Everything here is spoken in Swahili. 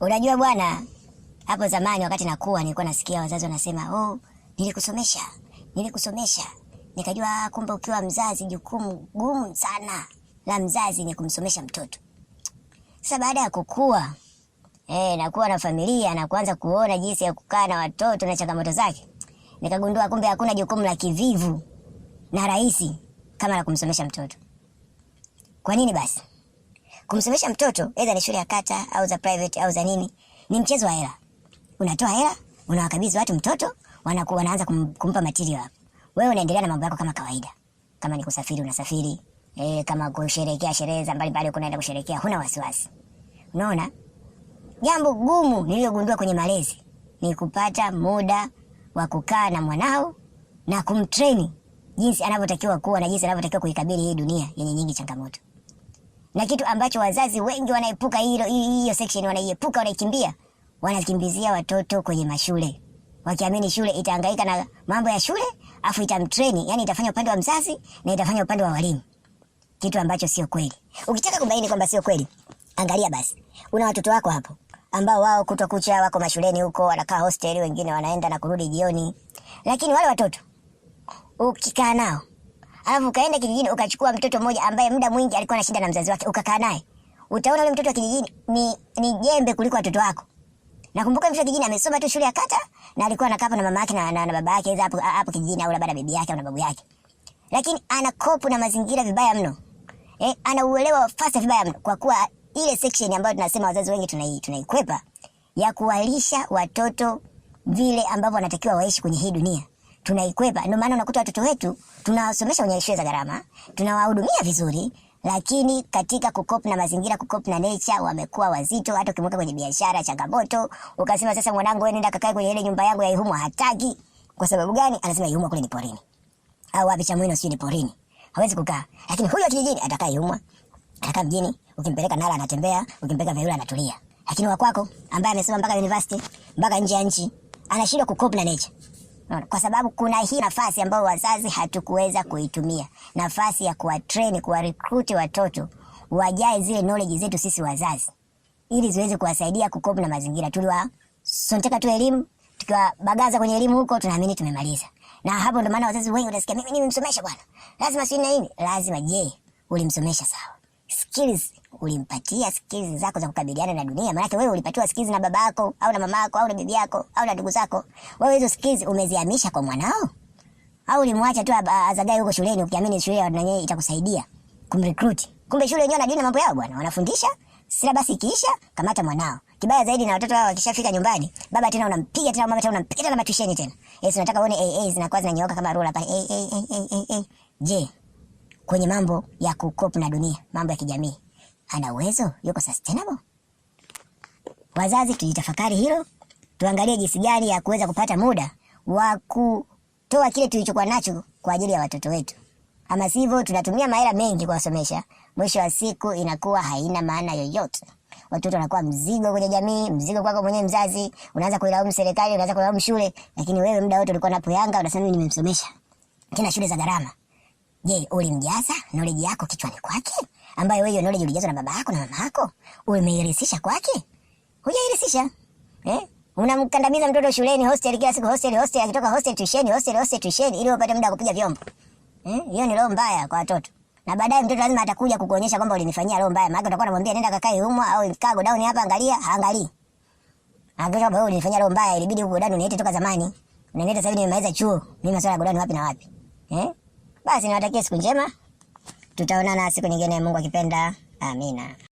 Unajua bwana, hapo zamani wakati nakuwa nilikuwa nasikia wazazi wanasema, "Oh, nilikusomesha, nilikusomesha." Nikajua kumbe ukiwa mzazi jukumu gumu sana la mzazi ni kumsomesha mtoto. Sasa baada ya kukua eh, nakuwa na familia na kuanza kuona jinsi ya kukaa na watoto na changamoto zake, nikagundua kumbe hakuna jukumu la kivivu na rahisi kama la kumsomesha mtoto. Kwa nini basi? Kumsomesha mtoto aidha ni shule ya kata au za private au za nini, ni mchezo wa hela. Unatoa hela, unawakabidhi watu mtoto, wanaku wanaanza kum, kumpa material hapo. Wewe unaendelea na mambo yako kama kawaida. Kama ni kusafiri unasafiri. e, kama kusherekea sherehe za mbali mbali kunaenda kusherekea huna wasiwasi. Unaona? Jambo gumu niliyogundua kwenye malezi ni kupata muda wa kukaa na mwanao na kumtrain jinsi anavyotakiwa kuwa na jinsi anavyotakiwa kuikabili hii dunia yenye nyingi changamoto na kitu ambacho wazazi wengi wanaepuka hilo, hiyo section wanaiepuka, wanaikimbia, wanakimbizia watoto kwenye mashule wakiamini shule itahangaika na mambo ya shule afu itamtrain, yani itafanya upande wa mzazi na itafanya upande wa walimu, kitu ambacho sio kweli. Ukitaka kubaini kwamba sio kweli, angalia basi, una watoto wako hapo ambao wao kutwa kucha wako mashuleni huko, wanakaa hostel, wengine wanaenda na kurudi jioni, lakini wale watoto ukikaa nao alafu ukaenda kijijini ukachukua mtoto mmoja ambaye muda mwingi alikuwa na shida na mzazi wake ukakaa naye, utaona yule mtoto wa kijijini ni, ni jembe kuliko watoto wako. Nakumbuka mtoto wa kijijini amesoma tu shule ya kata na alikuwa anakaa na mama yake na, na, na baba yake hapo hapo kijijini au labda bibi yake au babu yake, lakini ana kopu na mazingira vibaya mno eh, ana uelewa fasa vibaya mno, kwa kuwa ile section ambayo tunasema wazazi wengi tunai tunaikwepa ya kuwalisha watoto vile ambavyo wanatakiwa waishi kwenye hii dunia tunaikwepa. Ndio maana unakuta watoto wetu tunawasomesha kwenye shule za gharama, tunawahudumia vizuri, lakini katika kukop na mazingira, kukop na nature, wamekuwa wazito. Hata ukimweka kwenye biashara, changamoto, ukasema sasa, mwanangu wewe nenda kakae kwenye ile nyumba yangu ya Ihumwa, hataki. Kwa sababu gani? Anasema Ihumwa kule ni porini, au wapi, Chamwino sio ni porini, hawezi kukaa. Lakini huyo kijijini atakaa Ihumwa, atakaa mjini. Ukimpeleka Nala anatembea, ukimpeleka Veyula anatulia. Lakini wa kwako ambaye amesoma mpaka university mpaka nje ya nchi anashindwa kukop na nature kwa sababu kuna hii nafasi ambayo wazazi hatukuweza kuitumia, nafasi ya kuwatrain, kuwarekruti watoto wajae zile knowledge zetu sisi wazazi, ili ziweze kuwasaidia kukopa na mazingira. Tuliwasonteka tu elimu, tukiwabagaza kwenye elimu huko, tunaamini tumemaliza. Na hapo ndo maana wazazi wengi wanasikia mimi nimemsomesha bwana, lazima sio nini, lazima. Je, ulimsomesha sawa? Skills ulimpatia skills zako za kukabiliana na dunia. Maanake wewe ulipatiwa skills na baba yako au na mama yako au na bibi yako au na ndugu zako. Wewe hizo skills umezihamisha kwa mwanao au ulimwacha tu azagae huko shuleni ukiamini shule ya yenyewe itakusaidia kumrecruit? Kumbe shule yenyewe anajua mambo yao bwana, wanafundisha sila basi, ikiisha, kamata mwanao. Kibaya zaidi na watoto hao wakishafika nyumbani, baba tena unampiga tena, mama tena unampiga tena, matusheni tena. Yes, nataka uone AA zinakuwa zinanyooka kama rula pale. AA AA AA. Je, kwenye mambo ya kukop na dunia, mambo ya kijamii ana uwezo, yuko sustainable. Wazazi, tulitafakari hilo, tuangalie jinsi gani ya kuweza kupata muda wa kutoa kile tulichokuwa nacho kwa ajili ya watoto wetu, ama sivyo tunatumia mahela mengi kuwasomesha, mwisho wa siku inakuwa haina maana yoyote. Watoto wanakuwa mzigo kwenye jamii, mzigo kwako mwenyewe mzazi. Unaanza kuilaumu serikali, unaanza kuilaumu shule, lakini wewe muda wote ulikuwa napo Yanga unasema mimi nimemsomesha, tena shule za gharama Je, ulimjaza knowledge yako kichwani kwake, ambayo wewe knowledge ulijaza na baba yako na mama yako, umeirisisha kwake? Hujairisisha eh? Unamkandamiza mtoto shuleni, hostel, kila siku hostel, hostel, akitoka hostel tuisheni, hostel, hostel tuisheni, ili upate muda wa kupiga vyombo eh? Hiyo ni roho mbaya kwa watoto, na baadaye mtoto lazima atakuja kukuonyesha kwamba ulinifanyia roho mbaya. Maana utakuwa unamwambia nenda kakae humo, au kaa godown hapa, angalia, angalia, angalia, wewe ulinifanyia roho mbaya, ilibidi huko godown uniite toka zamani, unaniita sasa hivi nimemaliza chuo, mimi masuala ya godani wapi na wapi eh? Basi niwatakie siku njema, tutaonana siku nyingine, Mungu akipenda. Amina.